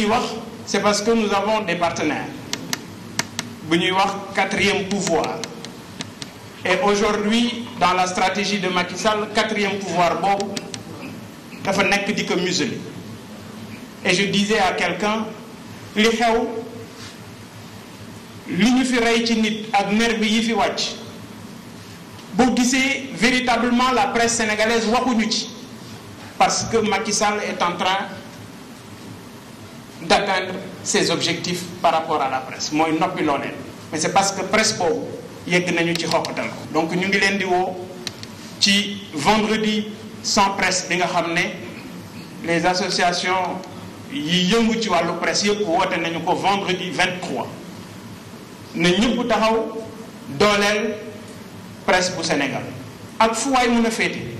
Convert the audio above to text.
ciy wax c'est parce que nous avons des partenaires bu ñuy wax quatrième pouvoir et aujourd'hui dans la stratégie de Macky Sall quatrième pouvoir boobu dafa nekk di ko museler et je disais à quelqu'un li xew li ñu fi rey ci nit ak nervi yi fi wàcc boo gisee véritablement la presse sénégalaise waxuñu ci parce que Macky Sall est en train d'atteindre ses objectifs par rapport à la presse mooy noppi loo leen mais c'est parce que presse boobu yegg nañu ci xoqatal ko donc ñu ngi leen di woo ci vendredi sans presse bi nga xam ne les associations yi yëngu ci wàllu presse yëpp woote nañu ko vendredi 23 na ñëpp taxaw dooleel presse bu Sénégal ak fu waay mën a féete